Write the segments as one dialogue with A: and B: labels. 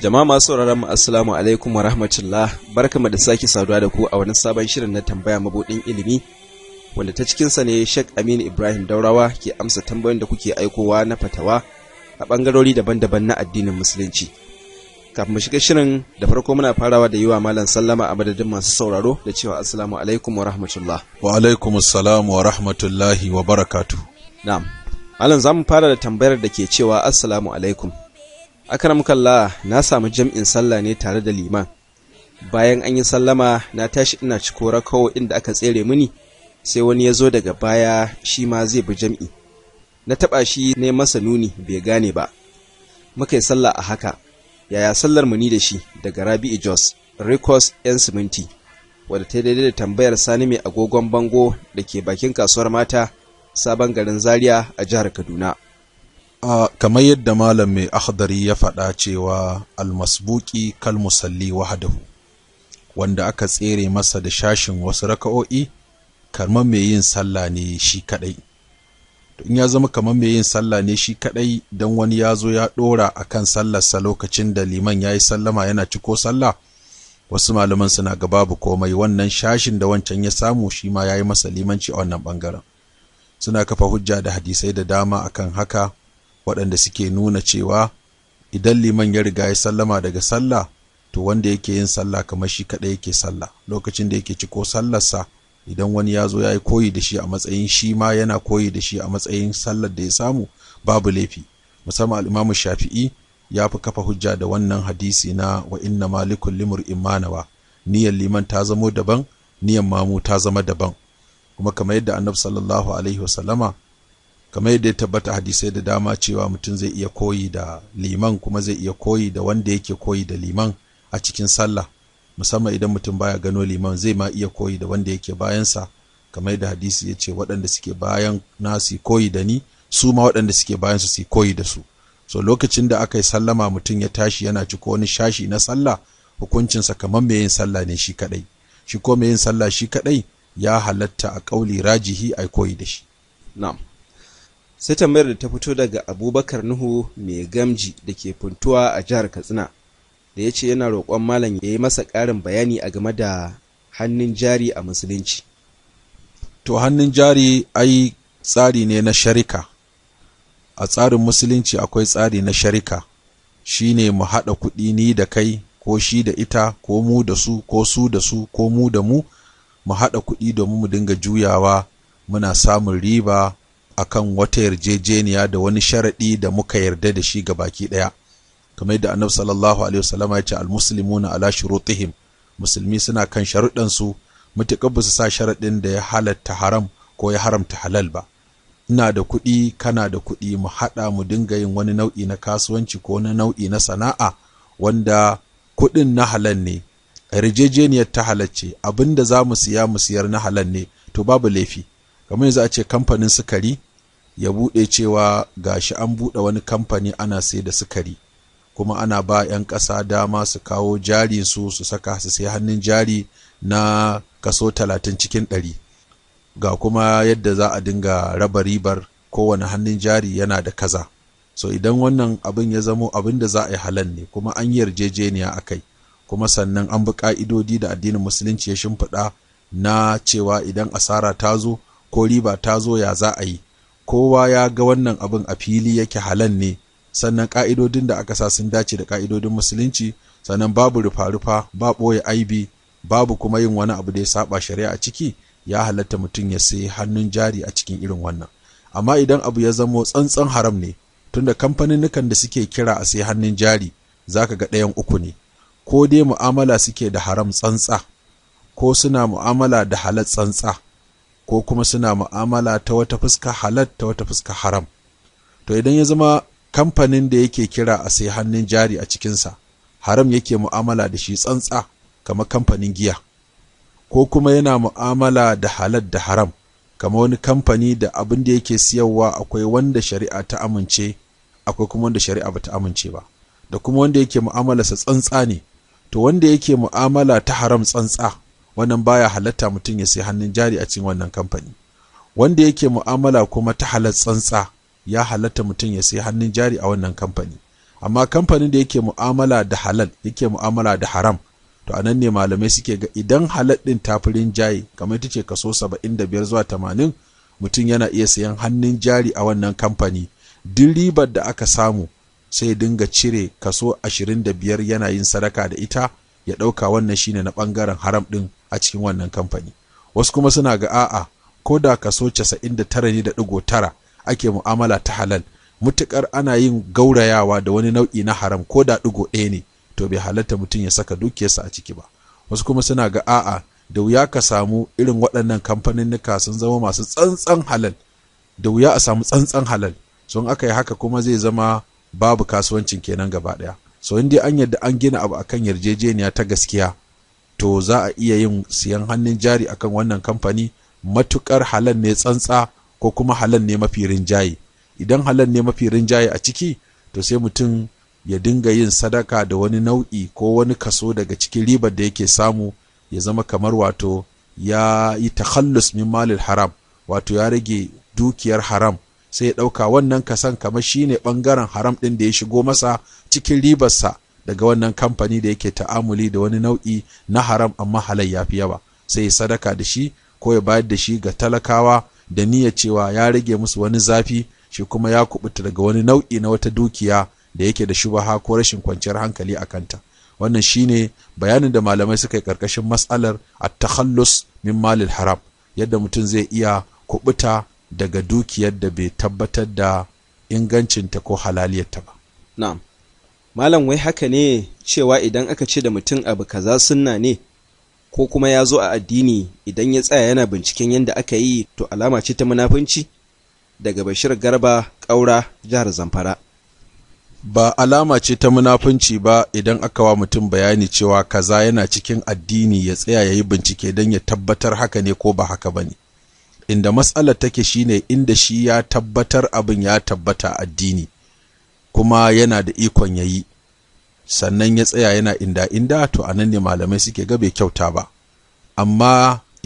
A: Jama'a masu sauraron mu assalamu alaikum wa rahmatullah barkamu da sake saduwa da ku a wani sabon shirin na tambaya mabudin ilimi wanda ta cikin sa ne Sheikh Aminu Ibrahim Daurawa ke amsa tambayoyin da kuke aikowa na fatawa a bangarori daban-daban na addinin musulunci. Kafin mu shiga shirin da farko muna farawa da yiwa malam sallama a madadin masu sauraro da cewa assalamu alaikum wa rahmatullah.
B: Wa alaikum assalam wa rahmatullahi wa barakatuh.
A: Na'am. Malam za fara da tambayar da ke cewa assalamu alaikum. akram kalla na samu jam'in sallah ne tare da liman bayan an yi sallama na tashi ina ciko rakawo inda aka tsere mini sai wani ya zo daga baya shi ma zai bi jam'i na taɓa shi ne masa nuni bai gane ba muka yi sallah a haka yaya sallar mu ni da shi daga rabi'i jos rikos yan siminti wadda ta daidai da tambayar sani mai agogon bango da ke bakin kasuwar mata sabon garin zaria a jihar kaduna
B: kamar yadda malam mai akhdari ya faɗa cewa almasbuki kal musalli wahadahu wanda aka tsere masa da shashin wasu raka'o'i kamar mai yin sallah ne shi kadai to in ya zama kamar mai yin sallah ne shi kadai dan wani ya zo ya dora akan sallarsa lokacin da liman ya yi sallama yana ciko sallah wasu malaman suna ga babu komai wannan shashin da wancan ya samu shi ma ya yi masa limanci a wannan bangaren suna kafa hujja da hadisai da dama akan haka waɗanda suke nuna cewa idan liman ya riga ya sallama daga sallah to wanda yake yin sallah kamar shi kaɗai yake sallah lokacin da yake ciko sallarsa idan wani ya zo ya yi koyi da shi a matsayin shi ma yana koyi da shi a matsayin sallar da ya samu babu laifi musamman al'imamu shafi'i ya fi kafa hujja da wannan hadisi na wa inna malikul limur imanawa niyyar liman ta zamo daban niyan mamu ta zama daban kuma kamar yadda annabi sallallahu alaihi wasallama kamar yadda ya tabbata hadisai da dama cewa mutum zai iya koyi da liman kuma zai iya koyi da wanda yake koyi da liman a cikin sallah musamman idan mutum baya gano liman zai ma iya koyi da wanda yake bayansa kamar yadda hadisi ya ce waɗanda suke bayan na su koyi da ni su ma waɗanda suke bayansa su koyi da su so lokacin da aka yi sallama mutum ya tashi yana ciko wani shashi na sallah hukuncinsa kamar mai yin sallah ne shi kaɗai shi ko mai yin sallah shi kaɗai ya halatta a ƙauli rajihi a koyi da shi na'am
A: sai tambayar da ta fito daga abubakar nuhu mai gamji da ke funtuwa a jihar katsina da ya ce yana roƙon malam ya yi masa ƙarin bayani a game da hannun jari a musulunci
B: to hannun jari ai tsari ne na sharika a tsarin musulunci akwai tsari na sharika shi ne mu haɗa kuɗi ni da kai ko shi da ita ko mu da su ko su da su ko mu da mu mu haɗa kuɗi domin mu dinga juyawa muna samun riba akan wata yarjejeniya da wani sharaɗi da muka yarda da shi ga baki ɗaya kamar yadda annabi sallallahu alaihi wasallam ya ce almuslimuna ala shurutihim musulmi suna kan sharuɗansu mutaka ba su sa sharaɗin da ya halatta haram ko ya haramta halal ba ina da kuɗi kana da kuɗi mu haɗa mu dinga yin wani nau'i na kasuwanci ko na nau'i na sana'a wanda kuɗin na halal ne yarjejeniyar ta halacce, abinda za mu siya mu siyar na halal ne to babu laifi kamar yanzu a ce kamfanin sukari ya buɗe cewa ga shi an buɗe wani kamfani ana sai da sukari kuma ana ba 'yan ƙasa dama su kawo jari su su saka su sai hannun jari na kaso talatin cikin ɗari ga kuma yadda za a dinga raba ribar kowane hannun jari yana da kaza so idan wannan abin ya zamo abin da za a yi halal ne kuma an yarjejeniya a kai kuma sannan an bi ƙa'idodi da addinin musulunci ya shimfiɗa na cewa idan asara ta zo ko riba ta zo ya za a yi kowa ya ga wannan abin a fili yake halan ne sannan ƙa'idodin da aka sa sun dace da ƙa'idodin musulunci sannan babu rufa-rufa ba ɓoye aibi babu kuma yin wani abu da ya saɓa shari'a a ciki ya halatta mutum ya sayi hannun jari a cikin irin wannan amma idan abu ya zamo tsantsan haram ne tunda kamfaninnukan da suke kira a sai hannun jari za ka ga ɗayan uku ne ko dai mu'amala suke da haram tsantsa ko suna mu'amala da halal tsantsa ko kuma suna mu'amala ta wata fuska halal ta wata fuska haram to idan ya zama kamfanin da yake kira a sai hannun jari a cikinsa haram yake mu'amala da shi tsantsa kamar kamfanin giya ko kuma yana mu'amala da halal da haram kamar wani kamfani da abin da yake siyarwa akwai wanda shari'a ta amince akwai kuma wanda shari'a ba ta amince ba da kuma wanda yake sa tsantsa ne to wanda yake mu'amala ta haram tsantsa wannan baya halatta mutum ya sai hannun jari a cikin wannan kamfani wanda yake mu'amala kuma ta halar tsantsa ya halatta mutum ya sai hannun jari a wannan kamfani amma kamfanin da yake mu'amala da halal yake mu'amala da haram to anan ne malamai suke ga idan halal din tafirin jayi kamar ita ce kaso 75 zuwa 80 mutum yana iya sayan hannun jari a wannan kamfani duk ribar da aka samu sai dinga cire kaso 25 yana yin sadaka da ita ya ɗauka wannan shine na ɓangaren haram ɗin a cikin wannan kamfani wasu kuma suna ga a'a ko da kaso da tara ake mu'amala ta halal mutuƙar ana yin gaurayawa da wani nau'i na haram ko da ɗigo ɗaya ne to bai halatta mutum ya saka dukiyarsa a ciki ba wasu kuma suna ga a'a da wuya ka samu irin waɗannan kamfaninnika sun zama masu tsantsan halal da wuya a samu tsantsan halal sun aka yi haka kuma zai zama babu kasuwancin kenan gaba ɗaya so in dai an yadda an gina abu akan yarjejeniya ta gaskiya to za a iya yin siyan hannun jari akan wannan kamfani matukar halan ne tsantsa ko kuma halan ne mafi rinjaye idan halan ne mafi rinjaye a ciki to sai mutum ya dinga yin sadaka da wani nau'i ko wani kaso daga cikin ribar da yake samu ya zama kamar wato ya yi takhallus min malil haram wato ya rage dukiyar haram sai ya ɗauka wannan kasan kamar shine ɓangaren haram ɗin da ya shigo masa cikin ribarsa daga wannan kamfani da yake ta'amuli da wani nau'i na haram amma halal ya fi yawa sai ya sadaka da shi ko ya bayar da shi ga talakawa da niyya cewa ya rage musu wani zafi shi kuma ya kubuta daga wani nau'i na wata dukiya da yake da shubaha ko rashin kwanciyar hankali a kanta wannan shine bayanin da malamai suka yi karkashin matsalar at-takhallus min malil haram yadda mutum zai iya kubuta daga dukiyar da bai tabbatar da ingancinta ko halaliyarta ba
A: na'am malam wai haka ne cewa idan aka ce da mutum abu kaza sunna ne ko kuma ya zo a addini idan ya tsaya yana binciken yadda aka yi to alama ce ta munafunci daga bashir garba ƙaura jihar
B: zamfara ba alama ce ta munafunci ba idan aka wa mutum bayani cewa kaza yana cikin addini ya tsaya ya yi bincike don ya tabbatar haka ne ko ba haka ba ne inda matsalar take shine inda shi ya tabbatar abin ya tabbata addini kuma yana da ikon ya yi sannan ya tsaya yana inda inda to anan ne malamai suke ga bai kyauta ba amma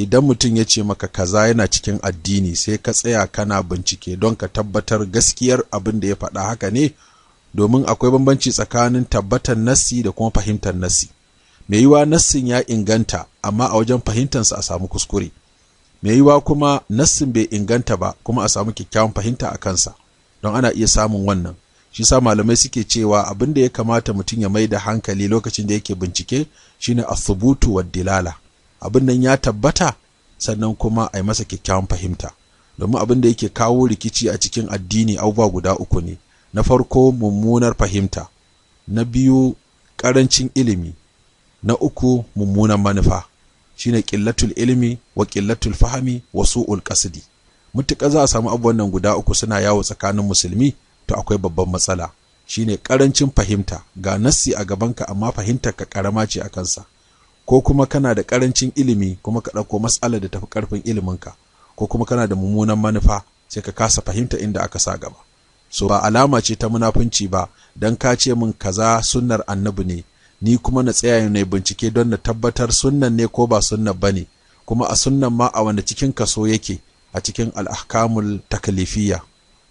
B: idan mutum ya ce maka kaza yana cikin addini sai ka tsaya kana bincike don ka tabbatar gaskiyar abin da ya faɗa haka ne domin akwai bambanci tsakanin tabbatar nassi da kuma fahimtar nassi mai yiwa nassin ya inganta amma a wajen fahimtarsa a samu kuskure mai yiwa kuma nassin bai inganta ba kuma a samu kyakkyawan fahimta a kansa don ana iya samun wannan shi sa malamai suke cewa abin da ya kamata mutum ya mai da hankali lokacin da yake bincike shine asubutu wa dilala abin nan ya tabbata sannan kuma a yi masa kyakkyawan fahimta domin abin da yake kawo rikici a cikin addini abubuwa guda uku ne na farko mummunar fahimta na biyu ƙarancin ilimi na uku mummunan manufa shine ƙillatul ilimi wa ƙillatul fahami wa su'ul qasdi mutuƙa za a samu abubuwan nan guda uku suna yawo tsakanin musulmi to akwai babban matsala shine karancin fahimta ga nassi a gabanka amma fahimtar ka karama ce a kansa ko kuma kana da karancin ilimi kuma ka ɗauko matsalar da tafi karfin iliminka ko kuma kana da mummunan manufa sai ka kasa fahimta inda aka sa gaba so ba alama ce ta munafunci ba dan ka ce min kaza sunnar annabi ne ni kuma na tsaya ne bincike don na tabbatar sunnan ne ko ba sunnan bane kuma a sunnan ma a wanda cikin kaso yake a cikin al-ahkamul taklifiyya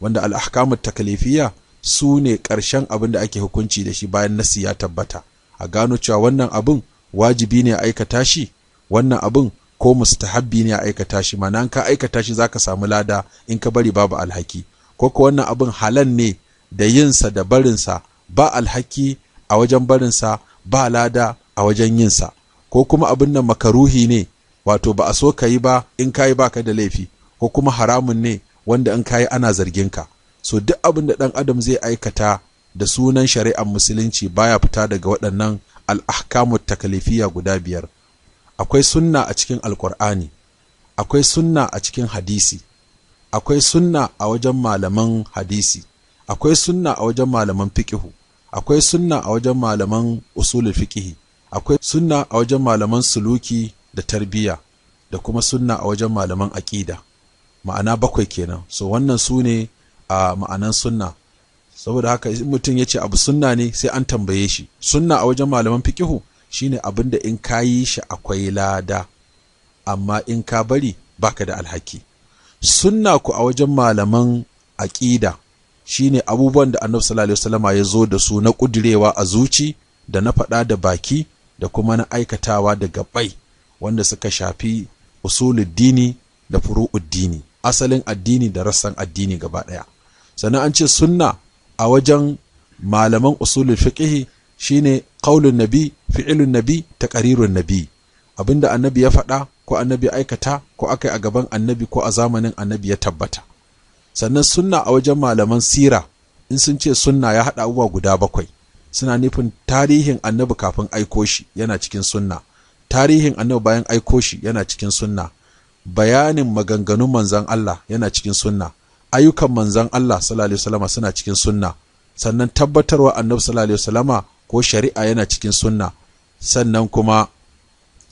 B: wanda al'ahkamun takalifiya su ne ƙarshen abin da ake hukunci da shi bayan nasi ya tabbata a gano cewa wannan abin wajibi ne a aikata shi wannan abin ko mustahabbi ne a aikata shi mana ka aikata shi za ka samu lada in ka bari babu alhaki ko ko wannan abin halan ne da yinsa da barinsa ba alhaki a wajen barinsa ba lada a wajen yinsa ko kuma abin nan makaruhi ne wato ba a so ka yi ba in ka yi ba ka da laifi ko kuma haramun ne wanda in kayi ana zargin ka so duk abin da ɗan adam zai aikata da sunan shari'ar musulunci baya fita daga waɗannan al'ahkamu takalifiya guda biyar akwai sunna a cikin alkur'ani akwai sunna a cikin hadisi akwai sunna a wajen malaman hadisi akwai sunna a wajen malaman fiqihu akwai sunna a wajen malaman usulul fiqihi akwai sunna a wajen malaman suluki da tarbiyya da kuma sunna a wajen malaman aƙida. ma'ana bakwai kenan so wannan su ne a ma'anan sunna saboda haka mutum ya ce abu sunna ne sai an tambaye shi sunna a wajen malaman fikihu shine abin da in ka yi shi akwai lada amma in ka bari baka da alhaki sunna ku a wajen malaman aƙida shine abubuwan da annabi sallallahu alaihi wasallama ya zo da su na kudirewa a zuci da na faɗa da baki da kuma na aikatawa da gabai wanda suka shafi usuludini da furu'uddini dini asalin addini da rassan addini gaba ɗaya sannan an ce sunna a wajen malaman usulul fikihi shine qaulun nabi fi'ilun nabi taqrirun nabi abinda annabi ya faɗa ko annabi aikata ko aka yi a gaban annabi ko a zamanin annabi ya tabbata sannan sunna a wajen malaman sira in sun ce sunna ya haɗa abubuwa guda bakwai suna nufin tarihin annabi kafin aiko shi yana cikin sunna tarihin annabi bayan aiko shi yana cikin sunna bayanin maganganun manzan Allah yana cikin sunna ayyukan manzan Allah sallallahu suna cikin sunna sannan tabbatarwa annabi sallallahu alaihi ko shari'a yana cikin sunna sannan kuma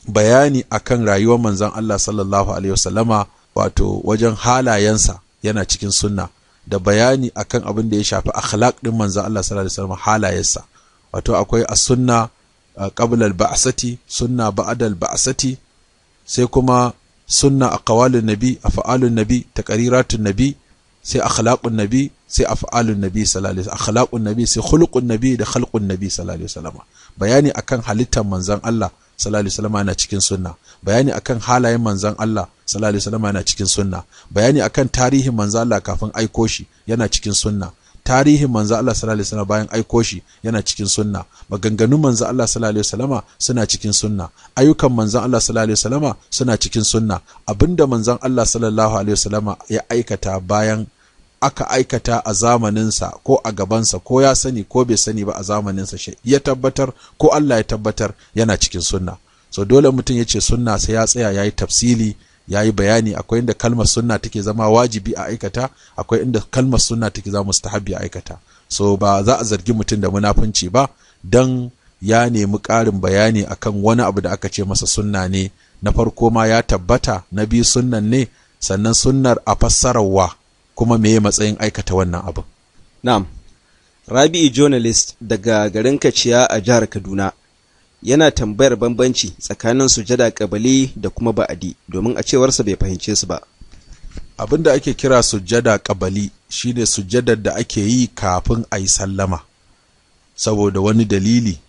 B: bayani akan rayuwar manzan Allah sallallahu alaihi wasallama wato wajen halayensa yana cikin sunna da bayani akan abin da ya shafi akhlaq din manzan Allah sallallahu alaihi wasallama halayensa wato akwai as-sunna uh, qabla al-ba'sati sunna ba'da al-ba'sati sai kuma sunna kawalin nabi a af'alun nabi ƙariratun nabi sai akhlaqun nabi sai a af'alun nabi salalai a wasallam akhlaqun nabi sai hulƙun nabi da khalqun nabi salalai salama wasallam bayani akan halittar manzan Allah salalai salama na yana cikin sunna bayani akan halayen manzan Allah salalai salama na yana cikin sunna bayani akan tarihin manzan Allah kafin aiko shi yana cikin sunna tarihin manzo Allah sallallahu alaihi bayan aiko shi yana cikin sunna maganganun manzo Allah sallallahu alaihi suna cikin sunna ayyukan manzo Allah sallallahu alaihi suna cikin sunna abinda manzon Allah sallallahu alaihi wasallama ya aikata bayan aka aikata a zamaninsa ko a gabansa ko ya sani ko bai sani ba a zamaninsa shi ya tabbatar ko Allah ya tabbatar yana cikin sunna so dole mutum ya ce sunna sai ya tsaya ya yi tafsili ya yi bayani akwai inda kalmar sunna take zama wajibi a aikata akwai inda kalmar sunna take zama mustahabi a aikata so ba za a zargi mutum da munafunci ba don ya nemi ƙarin bayani akan wani abu da aka ce masa sunna ne na farko ma ya tabbata na biyu sunnan ne sannan sunnar a fassararwa kuma me matsayin aikata wannan abin
A: na'am rabi'i journalist daga garin kaciya a jihar kaduna yana tambayar bambanci tsakanin sujada kabali da kuma ba'adi domin a cewarsa bai fahimce su
B: ba abin da ake kira sujada kabali shine sujadar da ake yi kafin a yi sallama saboda wani dalili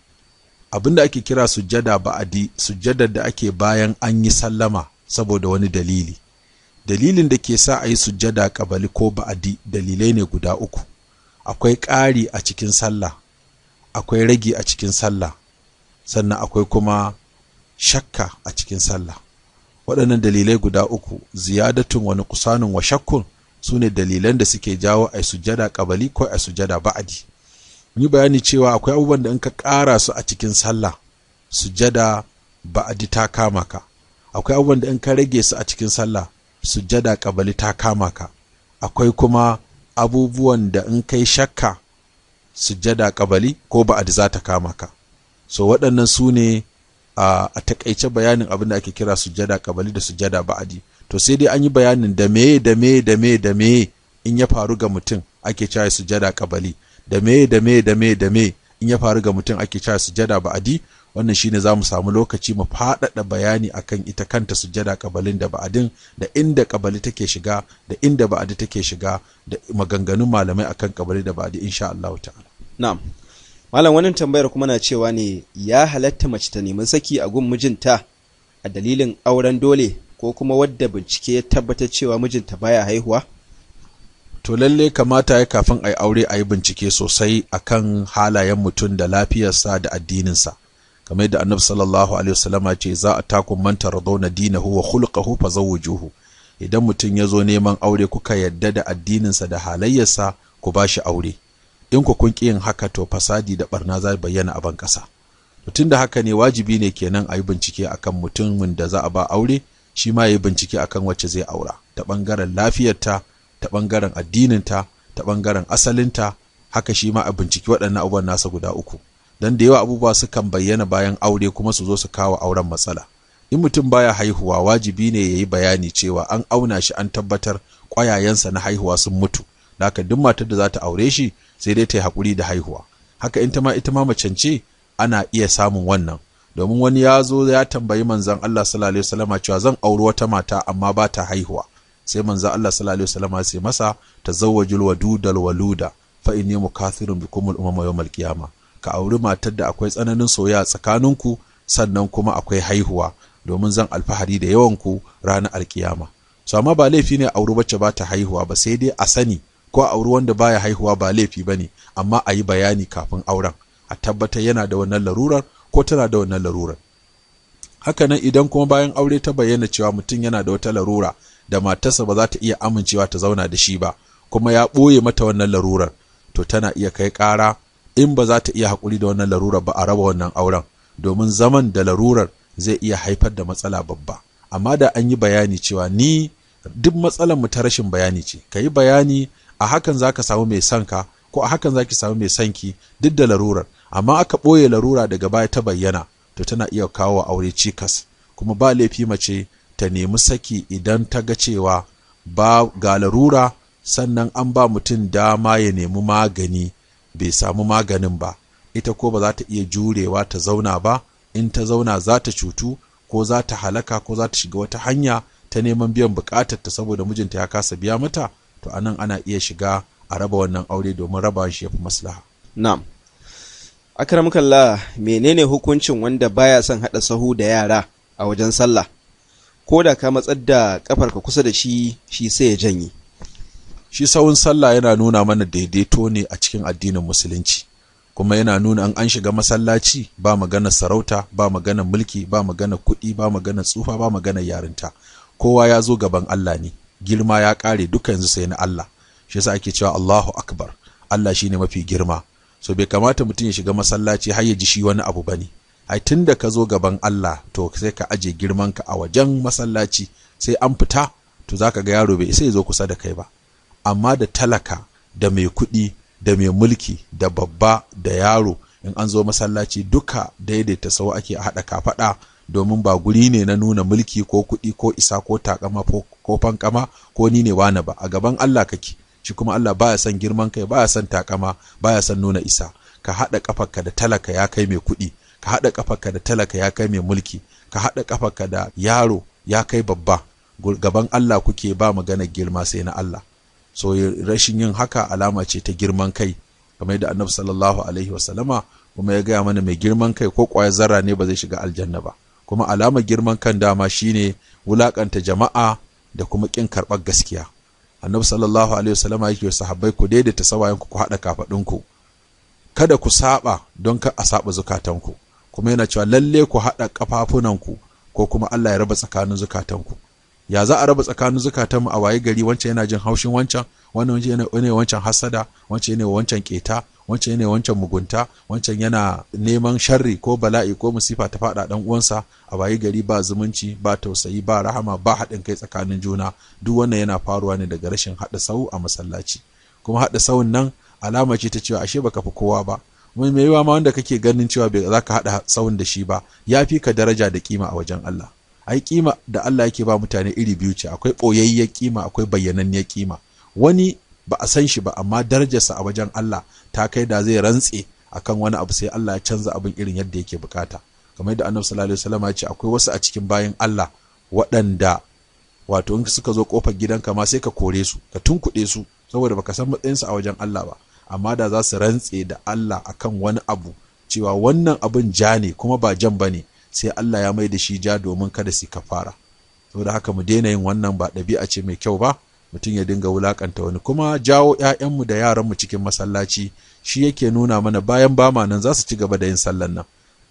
B: abin da ake kira sujada ba'adi sujadar da ake bayan an yi sallama saboda wani dalili dalilin da ke sa a yi sujada ƙabali ko ba'adi dalilai ne guda uku akwai ƙari a cikin sallah akwai rage a cikin sallah sannan akwai kuma shakka a cikin sallah waɗannan dalilai guda uku ziyadatun wani kusanin wa shakkun su ne dalilan da suke jawo a sujada kabali ko a sujada ba'adi yi bayani cewa akwai abubuwan da in ka ƙara su a cikin sallah sujada ba'adi ta kama ka akwai abubuwan da in ka rage su a cikin sallah sujada kabali ta kama ka akwai kuma abubuwan da in kai shakka sujada ƙabali ko ba'adi za ta kama ka so waɗannan su ne a takaice bayanin abin da ake kira sujada kabali da sujada ba'adi to sai dai an yi bayanin da meye da meye da meye da meye in ya faru ga mutum ake cewa sujada kabali da meye da meye da meye da meye in ya faru ga mutum ake cewa sujada ba'adi wannan shine za mu samu lokaci mu faɗaɗa bayani akan ita kanta sujada kabalin da ba'adin da inda kabali take shiga da inda ba'adi take shiga da maganganun malamai akan kabali da ba'adi insha Allah ta'ala
A: na'am malam wani tambayar kuma na cewa ne ya halatta mace ta neman saki a gun mijinta a dalilin auren dole ko kuma wadda bincike ya tabbatar cewa mijinta baya haihuwa
B: to lalle kamata ya kafin a aure a yi bincike sosai a kan halayen mutum da lafiyarsa da addininsa kamar yadda annabi sallallahu alaihi wasallama ce za a takun manta radona dinahu wa khulqahu fa zawwijuhu idan mutum ya zo neman aure kuka yadda da addininsa da halayyarsa ku ba shi aure in ku kun yin haka to fasadi da barna za bayyana a ban ƙasa tun da haka ne wajibi ne kenan a yi bincike akan mutumin da za a ba aure shi ma ya yi bincike akan wacce zai aura ta ɓangaren lafiyarta ta ɓangaren addininta ta ɓangaren asalinta haka shi ma a binciki waɗannan abubuwan nasa guda uku Dan da yawa abubuwa sukan bayyana bayan aure kuma su zo su kawo auren matsala in mutum baya haihuwa wajibi ne ya yi bayani cewa an auna shi an tabbatar ƙwayayensa na haihuwa sun mutu haka duk matar da za ta aure shi sai dai ta yi haƙuri da haihuwa haka in ta ma ita ma macen ce ana iya samun wannan domin wani ya zo ya tambayi manzan Allah sallallahu alaihi wasallama cewa zan auri wata mata amma ba ta haihuwa sai manzan Allah sallallahu alaihi ya sai masa ta tazawwajul wadudal waluda fa inni mukathirun bikumul umama yawmal qiyama ka auri matar da akwai tsananin soyayya tsakaninku sannan kuma akwai haihuwa domin zan alfahari da yawanku ranar alkiyama so ba laifi ne a auri wacce ba ta haihuwa ba sai dai a sani ko a auri wanda baya haihuwa ba laifi ba ne amma a yi bayani kafin auren a tabbatar yana da wannan larurar ko tana da wannan larurar hakanan idan kuma bayan aure ta bayyana cewa mutum yana da wata larura da matarsa ba za ta iya amincewa ta zauna da shi ba kuma ya ɓoye mata wannan larurar to tana iya kai ƙara in ba za ta iya haƙuri da wannan larurar ba a raba wannan auren domin zaman da larurar zai iya haifar da matsala babba amma da an yi bayani cewa ni duk matsalar mu ta rashin bayani ce ka yi bayani a hakan za ka samu mai sanka ko a hakan za ki samu mai sanki duk da larurar amma aka ɓoye larura daga baya ta bayyana to tana iya kawo aure cikas kuma ba laifi mace ta nemi saki idan ta ga cewa ba ga larura sannan an ba mutum dama ya nemi magani bai samu maganin ba ita ko ba za ta iya jurewa ta zauna ba in ta zauna za ta cutu ko za ta halaka ko za ta shiga wata hanya ta neman biyan bukatar ta saboda mijinta ya kasa biya mata to a nan ana iya shiga a raba wannan aure domin raba shi ya fi maslaha
A: na'am kalla menene hukuncin wanda baya son haɗa sahu da yara a wajen sallah ko da ka matsar da kafar ka kusa da
B: shi shi sai ya janye shi sahun sallah yana nuna mana daidaito ne a cikin addinin musulunci kuma yana nuna an an shiga masallaci ba magana sarauta ba magana mulki ba magana kuɗi ba magana tsufa ba magana yarinta kowa ya zo gaban Allah ne girma ya ƙare duka yanzu sai na Allah shi yasa ake cewa Allahu akbar Allah shine mafi girma so bai kamata mutum ya shiga masallaci har ya ji shi wani abu ba ne. ai tun da ka zo gaban Allah to sai ka aje ka a wajen masallaci sai an fita to zaka ga yaro bai isa ya zo kusa da kai ba amma da talaka da mai kuɗi da mai mulki da babba da yaro in an zo masallaci duka daidaita sau ake a haɗa kafaɗa domin ba guri ne na nuna mulki ko kuɗi ko isa ko taƙama ko fankama ko ni ne wani ba a gaban Allah kake shi kuma Allah baya son girman kai baya son takama baya son nuna isa ka haɗa kafarka da talaka ya kai mai kuɗi ka haɗa kafarka da talaka ya kai mai mulki ka haɗa kafarka da yaro ya kai babba gaban Allah kuke ba magana girma sai na Allah so rashin yin haka alama ce ta girman kai kamar yadda annabi sallallahu alaihi wasallama kuma ya gaya mana mai girman kai ko kwaya zarra ne ba zai shiga aljanna ba kuma alamar girman kan dama shine wulakanta jama'a da kuma ƙin karɓar gaskiya annabi sallallahu alaihi wasallam yake wa sahabbai ku daidaita sawayenku ku haɗa kafaɗunku kada ku saba don ka a saba zukatanku kuma yana cewa lalle ku haɗa ƙafafunanku ko kuma Allah ya raba tsakanin zukatanku ya za a raba tsakanin mu a waye gari wancan yana jin haushin wancan wannan ne wancan hasada wancan yana wancan keta wancan yana wancan mugunta wancan yana neman sharri ko bala'i ko musifa ta faɗa ɗan uwansa a waye gari ba zumunci ba tausayi ba rahama ba haɗin kai tsakanin juna duk wannan yana faruwa ne daga rashin haɗa sau a masallaci kuma haɗa sauin nan alama ce ta cewa ashe baka fi kowa ba mai yiwa ma wanda kake ganin cewa za ka haɗa sauin da shi ba ya fi ka daraja da kima a wajen Allah ai kima da Allah yake ba mutane iri biyu ce akwai ɓoyayyar kima akwai bayyananniyar kima wani ba a san shi ba amma darajarsa a wajen Allah ta kai da zai rantse akan wani abu sai Allah ya canza abin irin yadda yake bukata kamar yadda Annabi sallallahu alaihi wasallam ya ce akwai wasu a cikin bayan Allah waɗanda wato in suka zo kofar gidanka ma sai ka kore su ka tunkuɗe su saboda baka san matsayinsu a wajen Allah ba amma da za su rantse da Allah akan wani abu cewa wannan abin ja ne kuma ba jan bane sai Allah ya mai da shi ja domin kada su kafara saboda haka mu daina yin wannan ba ɗabi'a ce mai kyau ba mutum ya dinga wulakanta wani kuma jawo 'ya'yanmu da yaranmu cikin masallaci shi yake nuna mana bayan bama nan za su ci gaba da yin sallan nan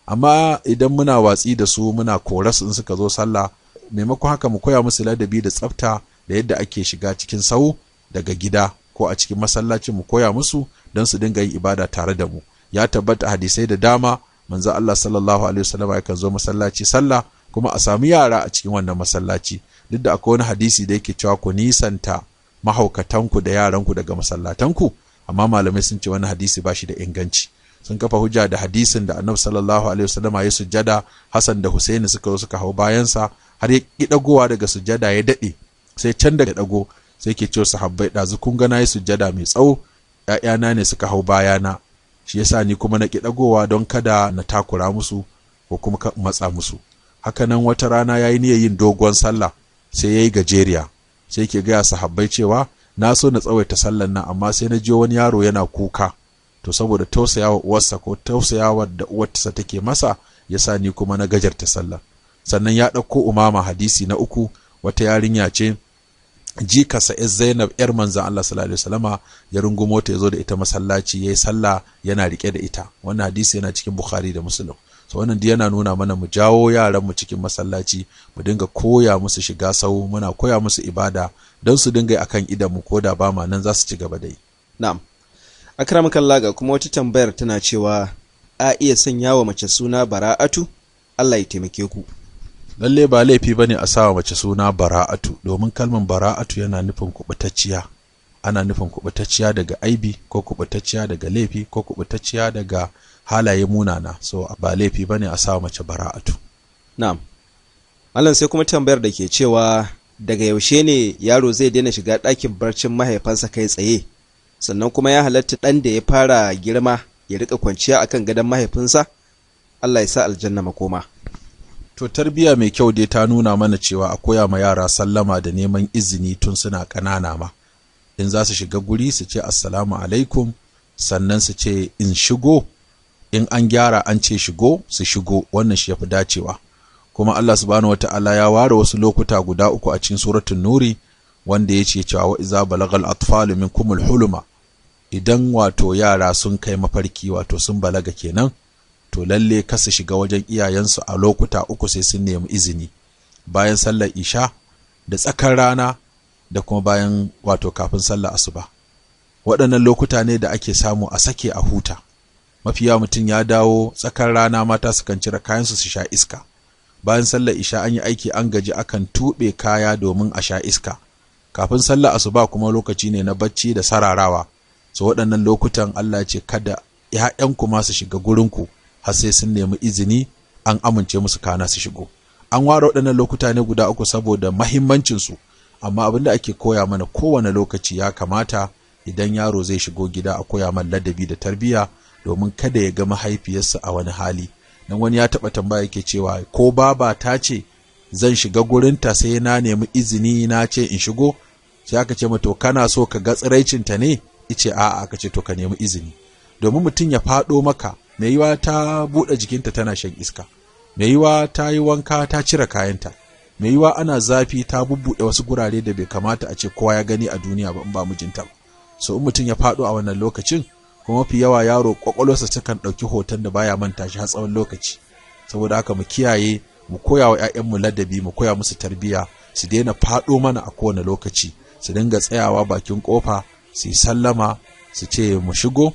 B: amma idan muna watsi da su muna koras in suka zo sallah maimakon haka mu koya musu ladabi da tsafta da yadda ake shiga cikin sau daga gida ko a cikin masallacin mu koya musu don su dinga yin ibada tare da mu ya tabbata hadisai da dama manzo Allah sallallahu alaihi wasallam yakan zo masallaci sallah kuma a samu yara a cikin wannan masallaci duk da akwai wani hadisi da yake cewa ku nisanta mahaukatanku da yaranku daga masallatanku amma malamai sun ce wani hadisi ba shi da inganci sun kafa hujja da hadisin da annabi sallallahu alaihi wasallam ya sujjada Hassan da Husaini suka zo suka hau bayansa har ya ki dagowa daga sujjada ya dade sai can daga dago sai ke cewa sahabbai dazu kun ga na yi sujjada mai tsawo 'ya'yana ne suka hau bayana shi yasa ni kuma na ki ɗagowa don kada na takura musu ko kuma matsa musu hakanan wata rana ya yi niyyar yin dogon sallah sai yayi gajeriya sai ke gaya sahabbai cewa na so na tsawaita sallar nan amma sai na je wani yaro yana kuka to saboda tausayawa uwarsa ko tausayawa da uwarsa take masa yasa ni kuma na gajarta sallah sannan ya ɗauko umama hadisi na uku wata yarinya ce jikarsa ya zainab yar manzan allah sallallahu alaihi wasallama ya rungumo ta ya zo da ita masallaci ya yi sallah yana rike da ita wannan hadisi yana cikin bukhari da muslim so wannan duk yana nuna mana mu jawo yaran mu cikin masallaci mu dinga koya musu shiga sau muna koya musu ibada don su dinga akan idan mu koda ba ma nan za su ci gaba da yi
A: na'am akramaka laga kuma wata tambayar tana cewa a iya sanya wa mace suna bara'atu Allah
B: ya taimake ku lalle ba laifi ba ne a sawa mace suna bara'atu domin kalmar bara'atu yana nufin kuɓutacciya ana nufin kuɓutacciya daga aibi ko kuɓutacciya daga laifi ko kuɓutacciya daga halaye munana so ba laifi ba ne a sawa mace bara'atu
A: na'am malam sai kuma tambayar da ke cewa daga yaushe ne yaro zai daina shiga ɗakin barcin mahaifansa kai tsaye sannan kuma ya halatta ɗan da ya fara girma ya riƙa kwanciya akan gadon mahaifinsa Allah ya sa aljanna makoma
B: To tarbiyya mai kyau dai ta nuna mana cewa a koya ma yara sallama da neman izini tun suna ƙanana ma. In za su shiga guri su ce assalamu alaikum sannan su ce in shigo in an gyara an ce shigo su shigo wannan shi yafi dacewa. Kuma Allah subhanahu ta'ala ya ware wasu lokuta guda uku a cikin suratun Nuri wanda ya ce cewa wa iza balagal atfalu minkumul huluma idan wato yara sun kai mafarki wato sun balaga kenan to lalle kasu shiga wajen iyayensu a lokuta uku sai sun nemi izini bayan sallar isha da tsakar rana da kuma bayan wato kafin sallar asuba waɗannan lokuta ne da ake samu a sake a huta Mafiya yawa mutum ya dawo tsakar rana mata su kan cire kayansu su sha iska bayan sallar isha an yi aiki an gaji akan tuɓe kaya domin a sha iska kafin sallar asuba kuma lokaci ne na bacci da sararawa so waɗannan lokutan Allah ce kada ‘ya'yanku ma su shiga gurinku har sai sun nemi izini an amince musu kana su shigo an ware waɗannan lokuta ne guda uku saboda mahimmancinsu amma abin da ake koya mana kowane lokaci ya kamata idan yaro zai shigo gida a koya man ladabi da tarbiyya domin kada ya ga mahaifiyarsa a wani hali dan wani ya taɓa tambaya yake cewa ko baba ta ce zan shiga gurinta sai na nemi izini na ce in shigo sai aka ce to kana so ka ga tsiraicinta ne ice a'a aka ce to ka nemi izini domin mutum ya faɗo maka mai yiwa ta buɗe jikinta tana shan iska mai yiwa ta yi wanka ta cire kayanta mai yiwa ana zafi ta bubbuɗe wasu gurare da bai kamata a ce kowa ya gani a duniya ba in ba mijinta ba so in mutum ya faɗo a wannan lokacin kuma mafi yawa yaro kwakwalwarsa takan ɗauki hoton da baya manta shi har tsawon lokaci saboda haka mu kiyaye mu koya wa 'ya'yanmu ladabi mu koya musu tarbiyya su daina faɗo mana a kowane lokaci su dinga tsayawa bakin ƙofa su yi sallama su ce mu shigo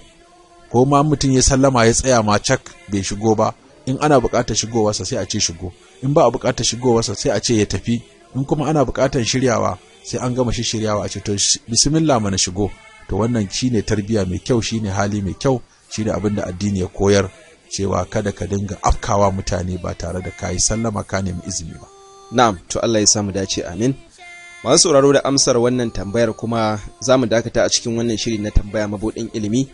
B: ko ma mutum ya sallama ya tsaya ma cak bai shigo ba in ana buƙatar shigowarsa sai a ce shigo in ba a buƙatar shigowarsa sai a ce ya tafi in kuma ana buƙatar shiryawa sai an gama shi shiryawa a ce to bismillah mana shigo to wannan shine tarbiya mai kyau shine hali mai kyau shine abin da addini ya koyar cewa kada ka dinga afkawa mutane ba tare da kayi sallama ka nemi izini ba
A: na'am to Allah ya samu dace amin masu sauraro da amsar wannan tambayar kuma za mu dakata a cikin wannan shiri na tambaya mabudin ilimi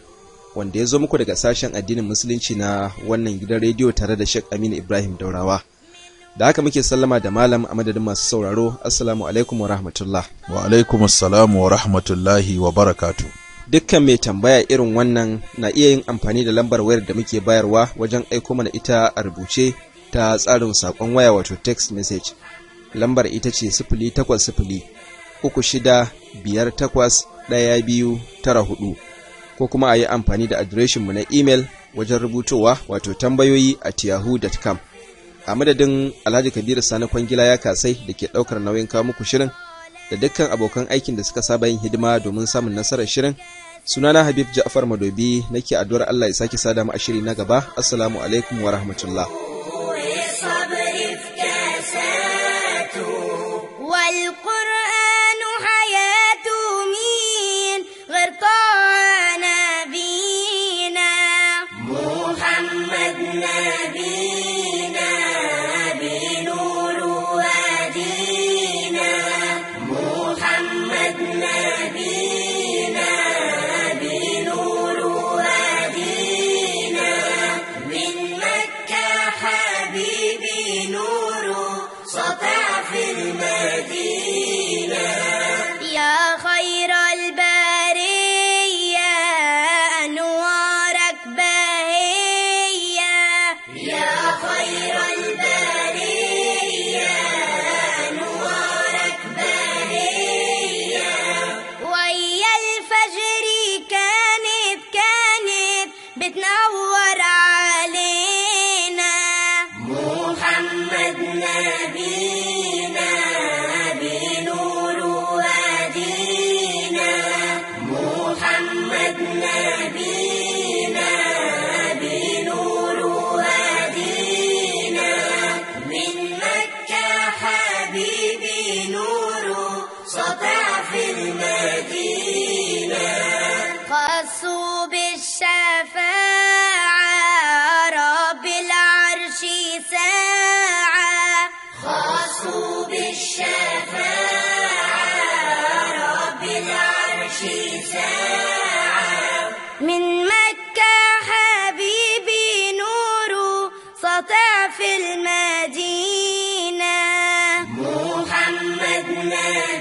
A: wanda ya zo muku daga sashen addinin musulunci na wannan gidan rediyo tare da Sheikh Aminu Ibrahim Daurawa. Da haka muke sallama da malam a madadin masu sauraro, Assalamu alaikum wa rahmatullah.
B: Wa alaikum assalamu wa rahmatullahi wa barakatu.
A: Dukkan mai tambaya irin wannan na iya yin amfani da lambar wayar da muke bayarwa wajen aiko mana ita a rubuce ta tsarin saƙon waya wato text message. Lambar ita ce sifili takwas sifili uku shida biyar takwas ɗaya biyu tara hudu. ko kuma a yi amfani da adireshinmu na imel wajen rubutowa wato tambayoyi a tiyahu.com. a madadin alhaji kabiru sani kwangila ya kasai da ke ɗaukar nauyin kawo muku shirin da dukkan abokan aikin da suka saba yin hidima domin samun nasarar shirin sunana habib ja'far madobi nake addu'ar allah ya sake sada mu a shiri na gaba assalamu alaikum wa rahmatullah
C: نور علينا
D: محمد نبي Amen.